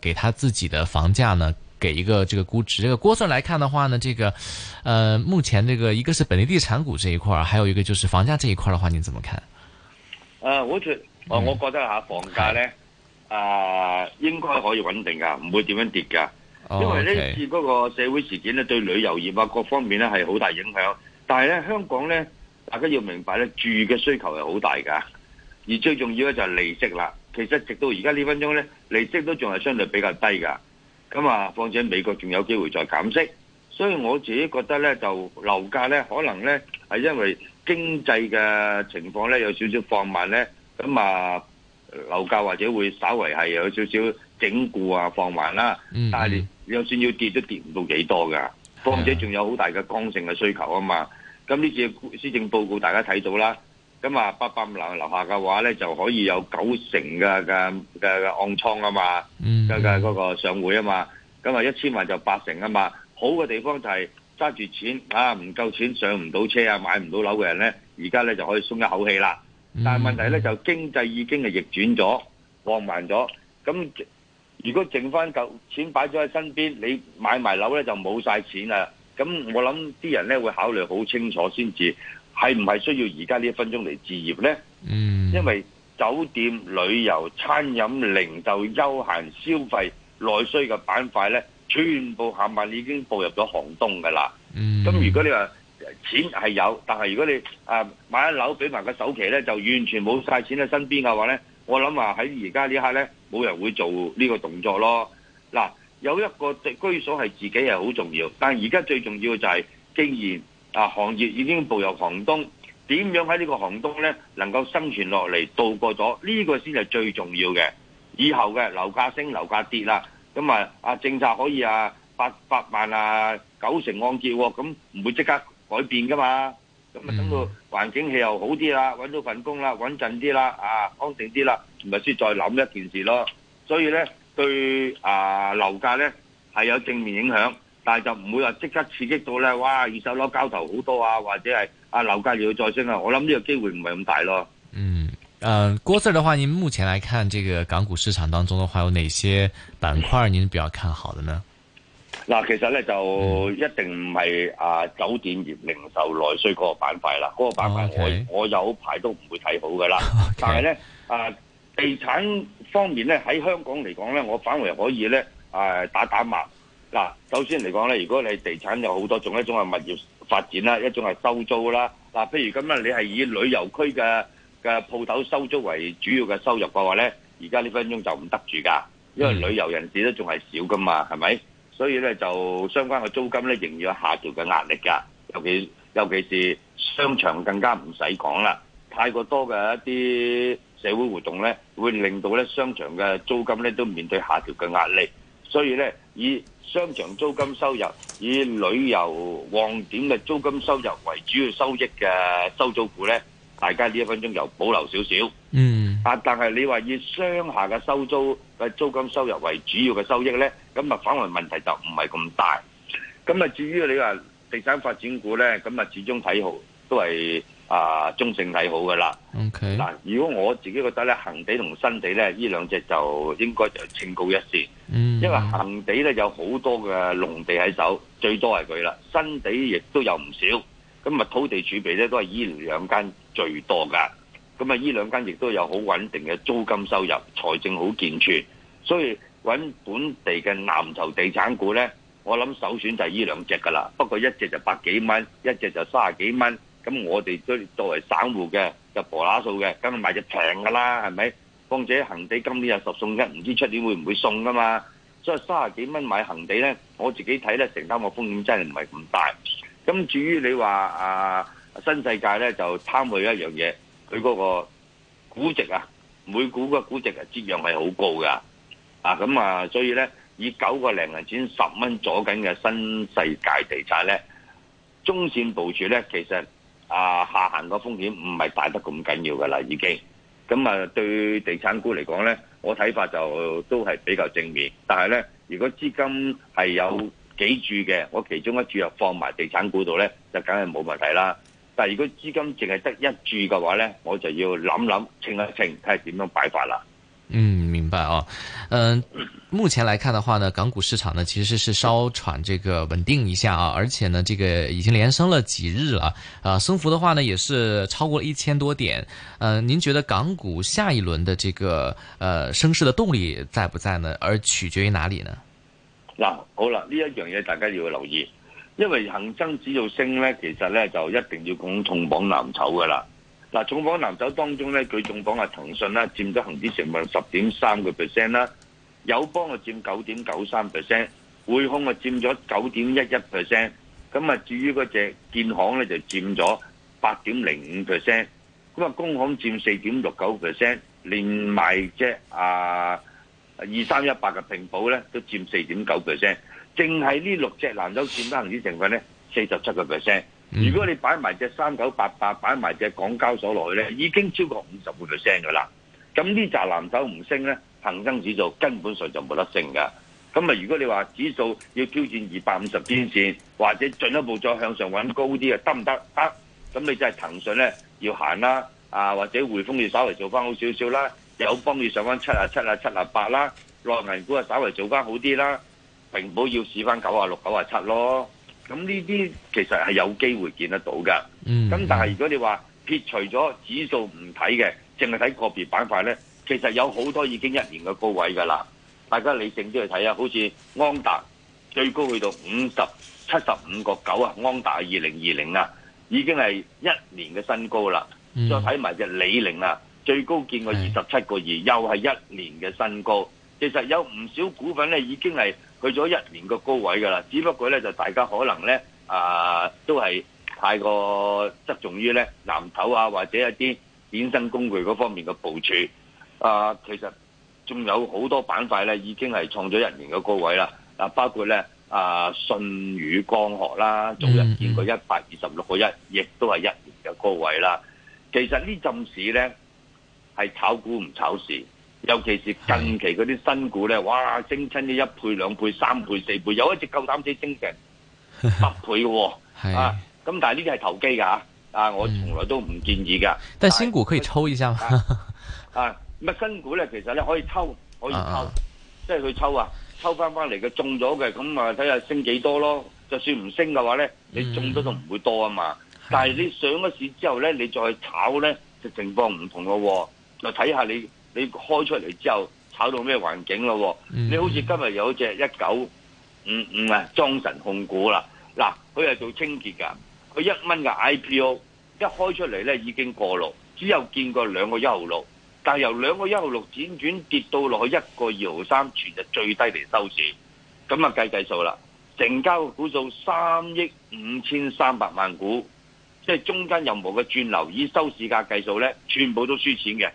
給他自己的房價呢，給一個這個估值，這個估算來看的話呢，這個，呃，目前這個一個是本地地產股這一塊，還有一個就是房價這一塊的話，你怎麼看？啊，我覺，我覺得吓房價呢啊、嗯呃，應該可以穩定噶，唔會點樣跌噶。哦、因為呢次嗰個社會事件呢，哦 okay、對旅遊業啊各方面呢，係好大影響。但係呢，香港呢，大家要明白呢，住嘅需求係好大噶，而最重要嘅就係利息啦。其實直到而家呢分鐘呢，利息都仲係相對比較低噶。咁啊，況且美國仲有機會再減息，所以我自己覺得呢，就樓價呢，可能呢，係因為經濟嘅情況呢，有少少放慢呢。咁啊樓價或者會稍微係有少少整固啊放慢啦。嗯、但係你就、嗯、算要跌都跌唔到幾多噶，況且仲有好大嘅剛性嘅需求啊嘛。咁呢次施政報告大家睇到啦。咁啊，八百五樓樓下嘅話咧，就可以有九成嘅嘅嘅暗倉啊嘛，嘅嘅嗰個上會啊嘛。咁啊，一千萬就八成啊嘛。好嘅地方就係揸住錢啊，唔夠錢上唔到車啊，買唔到樓嘅人咧，而家咧就可以鬆一口氣啦。但係問題咧就經濟已經係逆轉咗，放慢咗。咁如果剩翻嚿錢擺咗喺身邊，你買埋樓咧就冇晒錢啦。咁我諗啲人咧會考慮好清楚先至。係唔係需要而家呢一分鐘嚟置業呢？嗯，因為酒店、旅遊、餐飲、零售、休閒消費內需嘅板塊呢，全部冚唪唥已經步入咗寒冬㗎喇。嗯，咁如果你話錢係有，但係如果你啊買一樓俾埋個首期呢，就完全冇晒錢喺身邊嘅話呢，我諗話喺而家呢一刻呢，冇人會做呢個動作咯。嗱、啊，有一個居所係自己係好重要，但係而家最重要嘅就係經驗。啊！行業已經步入寒冬，點樣喺呢個寒冬呢能夠生存落嚟，度過咗呢個先係最重要嘅。以後嘅樓價升，樓價跌啦，咁啊啊政策可以啊八百萬啊九成按揭，咁、啊、唔會即刻改變噶嘛。咁啊等到環境氣候好啲啦，揾到份工啦，穩陣啲啦，啊安定啲啦，咪先再諗一件事咯。所以呢，對啊樓價呢係有正面影響。但係就唔會話即刻刺激到咧，哇！二手樓交投好多啊，或者係啊樓價又要再升啊！我諗呢個機會唔係咁大咯。嗯，誒、呃、郭 Sir 嘅話，您目前來看這個港股市場當中的話，有哪些板塊您比較看好的呢？嗱，其實咧就一定唔係、嗯、啊酒店業、零售內需嗰個板塊啦，嗰、那個板塊我、哦 okay、我，我有排都唔會睇好噶啦。Okay 但係咧啊，地產方面咧喺香港嚟講咧，我反為可以咧誒、呃、打打麻。嗱，首先嚟講咧，如果你地產有好多種，一種係物業發展啦，一種係收租啦。嗱，譬如咁啊，你係以旅遊區嘅嘅鋪頭收租為主要嘅收入嘅話咧，而家呢分鐘就唔得住㗎，因為旅遊人士都仲係少㗎嘛，係咪？所以咧，就相關嘅租金咧，仍然有下調嘅壓力㗎。尤其尤其是商場更加唔使講啦，太過多嘅一啲社會活動咧，會令到咧商場嘅租金咧都面對下調嘅壓力，所以咧。以商場租金收入、以旅遊旺點嘅租金收入為主要收益嘅收租股呢，大家呢一分鐘又保留少少。嗯，啊，但係你話以商廈嘅收租租金收入為主要嘅收益呢，咁啊，反為問題就唔係咁大。咁啊，至於你話地產發展股呢，咁啊，始終睇好。都係啊、呃、中性睇好嘅啦。嗱，Okay. 如果我自己覺得咧，恒地同新地咧，依兩隻就應該就青高一線。Mm. 因為恒地咧有好多嘅農地喺手，最多係佢啦。新地亦都有唔少，咁啊，土地儲備咧都係依兩間最多噶。咁啊，依兩間亦都有好穩定嘅租金收入，財政好健全，所以揾本地嘅藍籌地產股咧，我諗首選就係依兩隻噶啦。不過一隻就百幾蚊，一隻就卅幾蚊。咁我哋都作為散戶嘅，就婆乸數嘅，咁咪買隻平㗎啦，係咪？況且恆地今年有十送一，唔知出年會唔會送噶嘛？所以三十幾蚊買恆地咧，我自己睇咧，承擔個風險真係唔係咁大。咁至於你話啊新世界咧，就貪佢一樣嘢，佢嗰個估值啊，每股個估值啊，折讓係好高㗎。啊咁啊，所以咧，以九個零銀錢十蚊阻緊嘅新世界地產咧，中線部署咧，其實～啊，下行個風險唔係大得咁緊要噶啦，已經咁啊，對地產股嚟講呢，我睇法就都係比較正面。但係呢，如果資金係有幾注嘅，我其中一注又放埋地產股度呢，就梗係冇問題啦。但係如果資金淨係得一注嘅話呢，我就要諗諗，清一清，睇下點樣擺法啦。嗯，明白哦。Uh 目前來看的話呢，港股市場呢其實是稍喘這個穩定一下啊，而且呢，這個已經連升了幾日啦，啊，升幅的話呢也是超過一千多點，嗯，呃，您覺得港股下一輪的這個，呃，升勢的動力在不在呢？而取決於哪裏呢？嗱，好啦，呢一樣嘢大家要留意，因為恆生指數升呢，其實呢，就一定要講重磅藍籌噶啦，嗱，重磅藍籌當中呢，佢重磅係騰訊啦，佔咗恒指成分十點三個 percent 啦。啊友邦啊佔九點九三 percent，匯控啊佔咗九點一一 percent，咁啊至於嗰隻建行咧就佔咗八點零五 percent，咁啊工行佔四點六九 percent，連埋隻啊二三一八嘅平保咧都佔四點九 percent，淨係呢六隻藍籌佔得恒指成分咧四十七個 percent。嗯、如果你擺埋隻三九八八，擺埋隻港交所落去咧，已經超過五十個 percent 㗎啦。咁呢紮藍籌唔升咧？恒生指數根本上就冇得升噶，咁啊、嗯、如果你話指數要挑戰二百五十天線，或者進一步再向上揾高啲啊，得唔得？得，咁你即係騰訊咧要行啦，啊或者匯豐要稍微做翻好少少啦，友邦要上翻七啊七啊七啊八啦，內銀股啊稍微做翻好啲啦，平保要試翻九啊六九啊七咯，咁呢啲其實係有機會見得到噶。嗯。咁但係如果你話撇除咗指數唔睇嘅，淨係睇個別板塊咧。其實有好多已經一年嘅高位㗎啦，大家理性啲去睇啊！好似安達最高去到五十七十五個九啊，安達二零二零啊，已經係一年嘅新高啦。Mm. 再睇埋隻李寧啊，最高見過二十七個二，又係一年嘅新高。Mm. 其實有唔少股份咧已經係去咗一年嘅高位㗎啦，只不過咧就大家可能咧啊都係太過側重於咧藍籌啊，或者一啲衍生工具嗰方面嘅部署。啊、呃，其實仲有好多板塊咧，已經係創咗一年嘅高位啦。嗱，包括咧啊、呃，信宇光學啦，早日見過一百二十六個一，亦都係一年嘅高、嗯、位啦。其實呢陣市咧係炒股唔炒市，尤其是近期嗰啲新股咧，哇，升親啲一倍、兩倍、三倍、四倍，有一隻夠膽死升成百倍嘅，哦，呵呵啊，咁、嗯、但係呢啲係投機噶吓，啊，啊，我從來都唔建議噶。嗯、但，但新股可以抽一下嘛？啊。啊啊咁啊，新股咧，其實咧可以抽，可以抽，uh uh. 即係去抽啊，抽翻翻嚟嘅中咗嘅咁啊，睇下升幾多咯。就算唔升嘅話咧，mm hmm. 你中咗都唔會多啊嘛。但係你上咗市之後咧，你再炒咧就情況唔同咯，就睇下你你開出嚟之後炒到咩環境咯。Mm hmm. 你好似今日有一隻一九五五啊，莊神控股啦，嗱，佢係做清潔㗎，佢一蚊嘅 I P O 一開出嚟咧已經過六，只有見過兩個一毫六。但由兩個一毫六輾轉跌到落去一個二毫三，全日最低嚟收市，咁啊計計數啦，成交股數三億五千三百萬股，即係中間任何嘅轉流，以收市價計數咧，全部都輸錢嘅，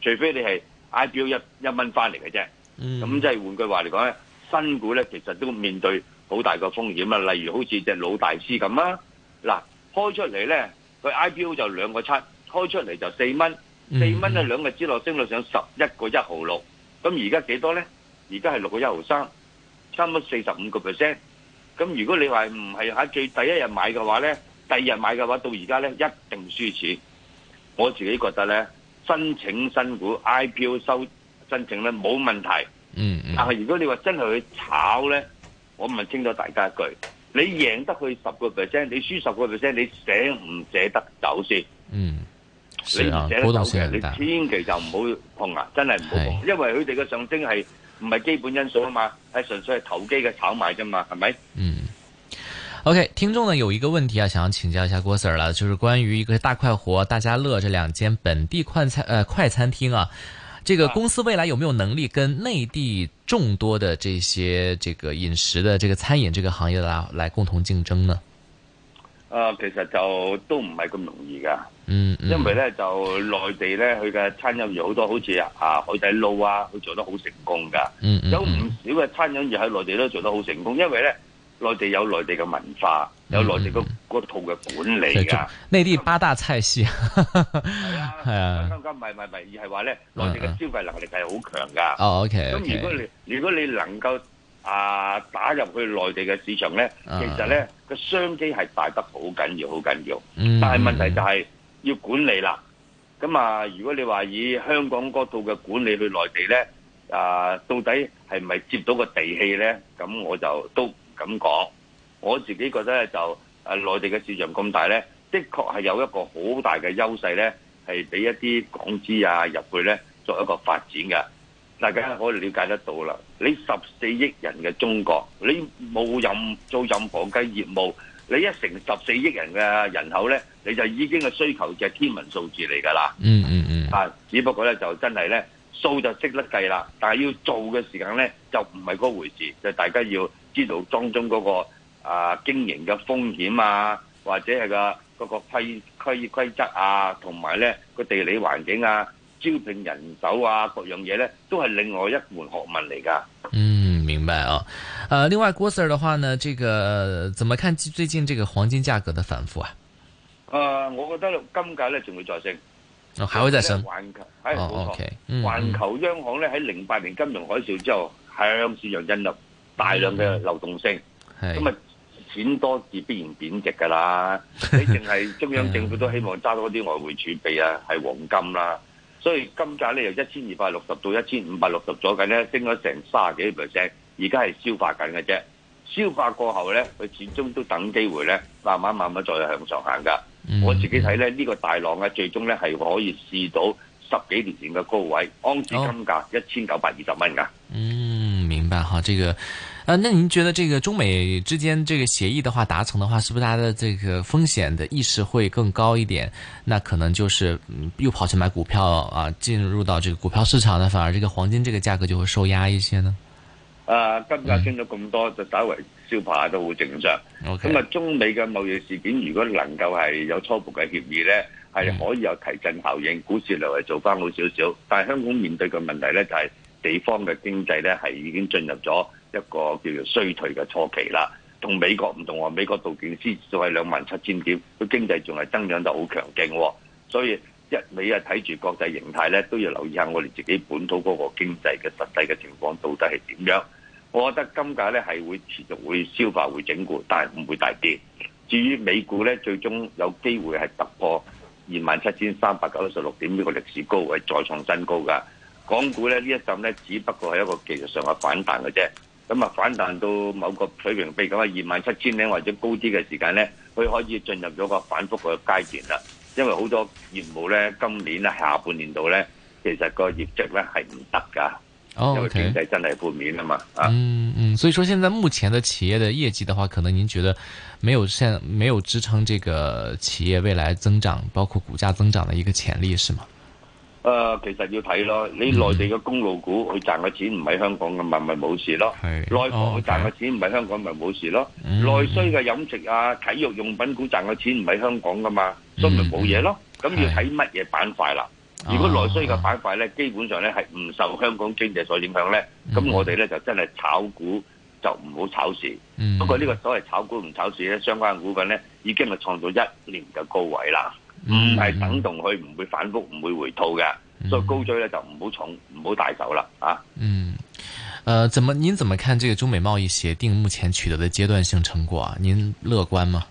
除非你係 IPO 一一蚊翻嚟嘅啫，咁即係換句話嚟講咧，新股咧其實都面對好大個風險啊，例如好似隻老大師咁啊，嗱開出嚟咧，佢 IPO 就兩個七，開出嚟就四蚊。四蚊啊，兩日之內升到上十一個一毫六，咁而家幾多咧？而家係六個一毫三，差唔多四十五個 percent。咁如果你話唔係喺最第一日買嘅話咧，第二日買嘅話到而家咧一定輸錢。我自己覺得咧，申請新股 IPO 收申請咧冇問題。嗯。但係如果你話真係去炒咧，我唔問清咗大家一句：你贏得佢十個 percent，你輸十個 percent，你捨唔捨得走先？嗯。你不捨得走嘅，你千祈就唔好碰啊！真係唔好碰，因為佢哋嘅上升係唔係基本因素啊嘛，係純粹係投機嘅炒賣啫嘛，係咪？嗯。OK，聽眾呢有一個問題啊，想要請教一下郭 Sir 啦，就是關於一個大快活、大家樂這兩間本地快餐、呃快餐廳啊，這個公司未來有沒有能力跟內地眾多的這些這個飲食的這個餐飲這個行業啦，來共同競爭呢？啊，其實就都唔係咁容易噶，因為咧就內地咧佢嘅餐飲業好多，好似啊海底撈啊，佢做得好成功噶，有唔少嘅餐飲業喺內地都做得好成功，因為咧內地有內地嘅文化，有內地嗰套嘅管理噶。內地八大菜系係啊，係啊，咁唔係唔係唔係，而係話咧內地嘅消費能力係好強噶。哦，OK，咁如果你如果你能夠，啊！打入去內地嘅市場呢，其實呢個商機係大得好緊要，好緊要。但係問題就係要管理啦。咁啊，如果你話以香港嗰度嘅管理去內地呢，啊，到底係咪接到個地氣呢？咁我就都唔敢講。我自己覺得就啊，內地嘅市場咁大呢，的確係有一個好大嘅優勢呢，係俾一啲港資啊入去呢，作一個發展嘅。大家可以瞭解得到啦！你十四億人嘅中國，你冇任做任何嘅業務，你一成十四億人嘅人口咧，你就已經係需求就係天文數字嚟㗎啦。嗯嗯嗯。啊，只不過咧就真係咧，數就識得計啦，但係要做嘅時間咧就唔係嗰回事，就是、大家要知道當中嗰、嗰個啊經營嘅風險啊，或者係、個嗰、個規規則啊，同埋咧個地理環境啊。招聘人手啊，各樣嘢咧都係另外一門學問嚟噶。嗯，明白啊。誒、呃，另外郭 Sir 嘅話呢，呢、這個怎麼看最近這個黃金價格嘅反覆啊？誒、呃，我覺得金價咧仲會再升，哦，還會再升。環球，哎、哦，錯哦，OK，環、嗯、球央行咧喺零八年金融海嘯之後向市場引入大量嘅流動性，咁啊、嗯、錢多自必然貶值噶啦。你淨係中央政府都希望揸多啲外匯儲備啊，係黃金啦、啊。所以金價咧由一千二百六十到一千五百六十咗緊咧，升咗成三十幾 percent，而家係消化緊嘅啫。消化過後咧，佢始終都等機會咧，慢慢慢慢再向上行噶。嗯、我自己睇咧呢個大浪啊，最終咧係可以試到十幾年前嘅高位，安置金價一千九百二十蚊噶。嗯，明白哈，這個啊，那您覺得這個中美之間這個協議的話達成的話，是不是大家的這個風險的意識會更高一點？那可能就是嗯又跑去買股票啊，進入到這個股票市場呢，反而這個黃金這個價格就會受壓一些呢？啊，今日升咗咁多就稍為消化下都好正常。Okay。那麼中美嘅貿易事件如果能夠係有初步嘅協議呢，係可以有提振效應，嗯、股市略為做翻好少少。但係香港面對嘅問題呢就係、是、地方嘅經濟呢係已經進入咗一個叫做衰退嘅初期啦，同美國唔同，美國道瓊斯仲係兩萬七千點，佢經濟仲係增長得好強勁。所以一味啊睇住國際形態咧，都要留意一下我哋自己本土嗰個經濟嘅實際嘅情況到底係點樣。我覺得金價咧係會持續會消化會整固，但係唔會大跌。至於美股咧，最終有機會係突破二萬七千三百九十六點呢個歷史高位，再創新高噶。港股咧，呢一陣咧只不過係一個技術上嘅反彈嘅啫。咁啊，反彈到某個水平，比如講二萬七千名或者高啲嘅時間呢，佢可以進入咗個反覆嘅階段啦。因為好多業務呢，今年下半年度呢，其實個業績呢係唔得噶，oh, okay. 因為經濟真係負面啊嘛。啊嗯嗯，所以說現在目前的企業的業績的話，可能您覺得沒有現沒有支撐這個企業未來增長，包括股價增長嘅一個潛力，是嗎？誒、呃，其實要睇咯，你內地嘅公路股佢、嗯、賺嘅錢唔喺香港嘅嘛，咪冇事咯。是內房佢賺嘅錢唔喺香港，咪冇事咯。嗯、內需嘅飲食啊、體育用品股賺嘅錢唔喺香港嘅嘛，所以咪冇嘢咯。咁、嗯、要睇乜嘢板塊啦？哦、如果內需嘅板塊咧，基本上咧係唔受香港經濟所影響咧，咁、嗯、我哋咧就真係炒股就唔好炒市。嗯、不過呢個所謂炒股唔炒市咧，相關股份咧已經係創到一年嘅高位啦。唔係、嗯、等同佢唔會反覆，唔會回吐嘅，嗯、所以高追咧就唔好重，唔好大手啦，啊，嗯，誒、呃，怎麼您怎麼看這個中美貿易協定目前取得的階段性成果啊？您樂觀嗎？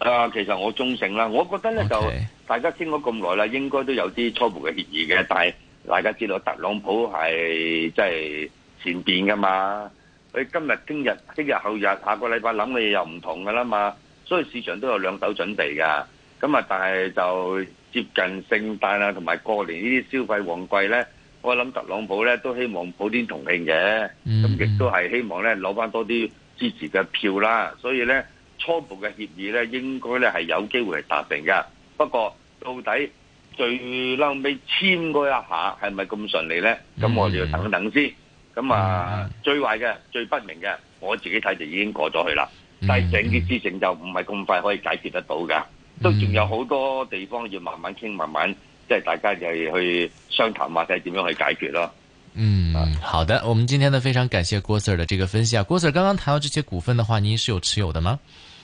誒、呃，其實我中性啦，我覺得咧 Okay. 就大家傾咗咁耐啦，應該都有啲初步嘅協議嘅，但係大家知道特朗普係即係善變噶嘛，佢今日、聽日、聽日後日、下個禮拜諗嘅嘢又唔同噶啦嘛，所以市場都有兩手準備噶。咁啊，但係就接近聖誕啦同埋過年呢啲消費旺季呢，我諗特朗普呢都希望普天同慶嘅，咁亦都係希望呢攞翻多啲支持嘅票啦。所以呢，初步嘅協議呢應該呢係有機會係達成嘅，不過到底最嬲尾簽嗰一下係咪咁順利呢？咁我哋要等等先。咁啊，最壞嘅、最不明嘅，我自己睇就已經過咗去啦。但係整啲事情就唔係咁快可以解決得到㗎。都仲有好多地方要慢慢傾，嗯、慢慢即係大家就係去商談或者係點樣去解決咯。嗯，啊、好的，我們今天呢非常感謝郭 Sir 的這個分析啊。郭 Sir 剛剛談到這些股份的話，您是有持有的嗎？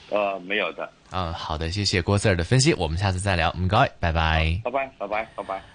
呃，沒有的。嗯、啊，好的，謝謝郭 Sir 的分析，我們下次再聊。唔該，拜拜。拜拜拜拜拜拜。